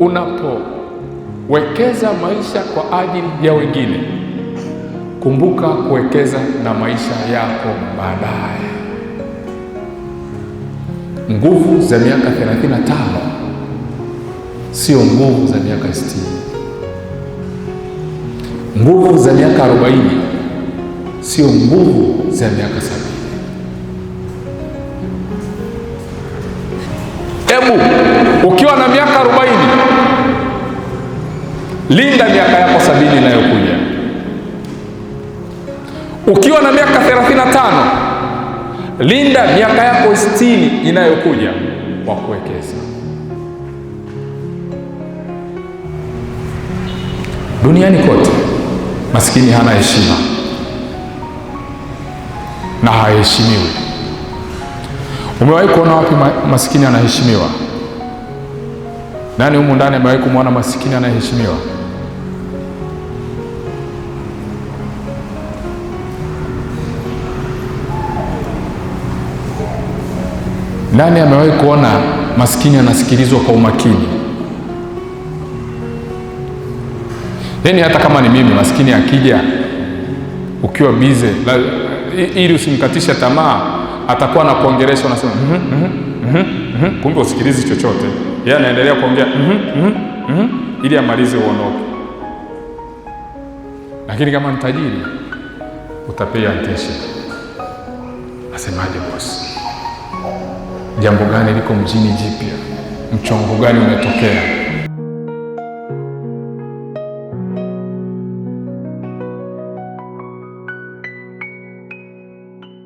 unapowekeza maisha kwa ajili ya wengine, kumbuka kuwekeza na maisha yako baadaye. Nguvu za miaka 35 sio nguvu za miaka 60. Nguvu za miaka 40 sio nguvu za miaka linda miaka yako sabini inayokuja. Ukiwa na miaka 35 linda miaka yako sitini inayokuja kwa kuwekeza. Duniani kote maskini hana heshima na haheshimiwi. Umewahi kuona wapi maskini anaheshimiwa? Nani humu ndani amewahi kumwona maskini anaheshimiwa? Nani amewahi kuona maskini anasikilizwa kwa umakini? Yaani hata kama ni mimi maskini akija, ukiwa bize ili usimkatisha tamaa, atakuwa anakuongelesha, unasema mm -hmm, mm -hmm, mm -hmm. Kumbe usikilizi chochote, yeye anaendelea kuongea mm -hmm, mm -hmm, mm -hmm, ili amalize uondoke. Lakini kama ni tajiri utapea attention, asemaje bosi jambo gani liko mjini jipya, mchongo gani umetokea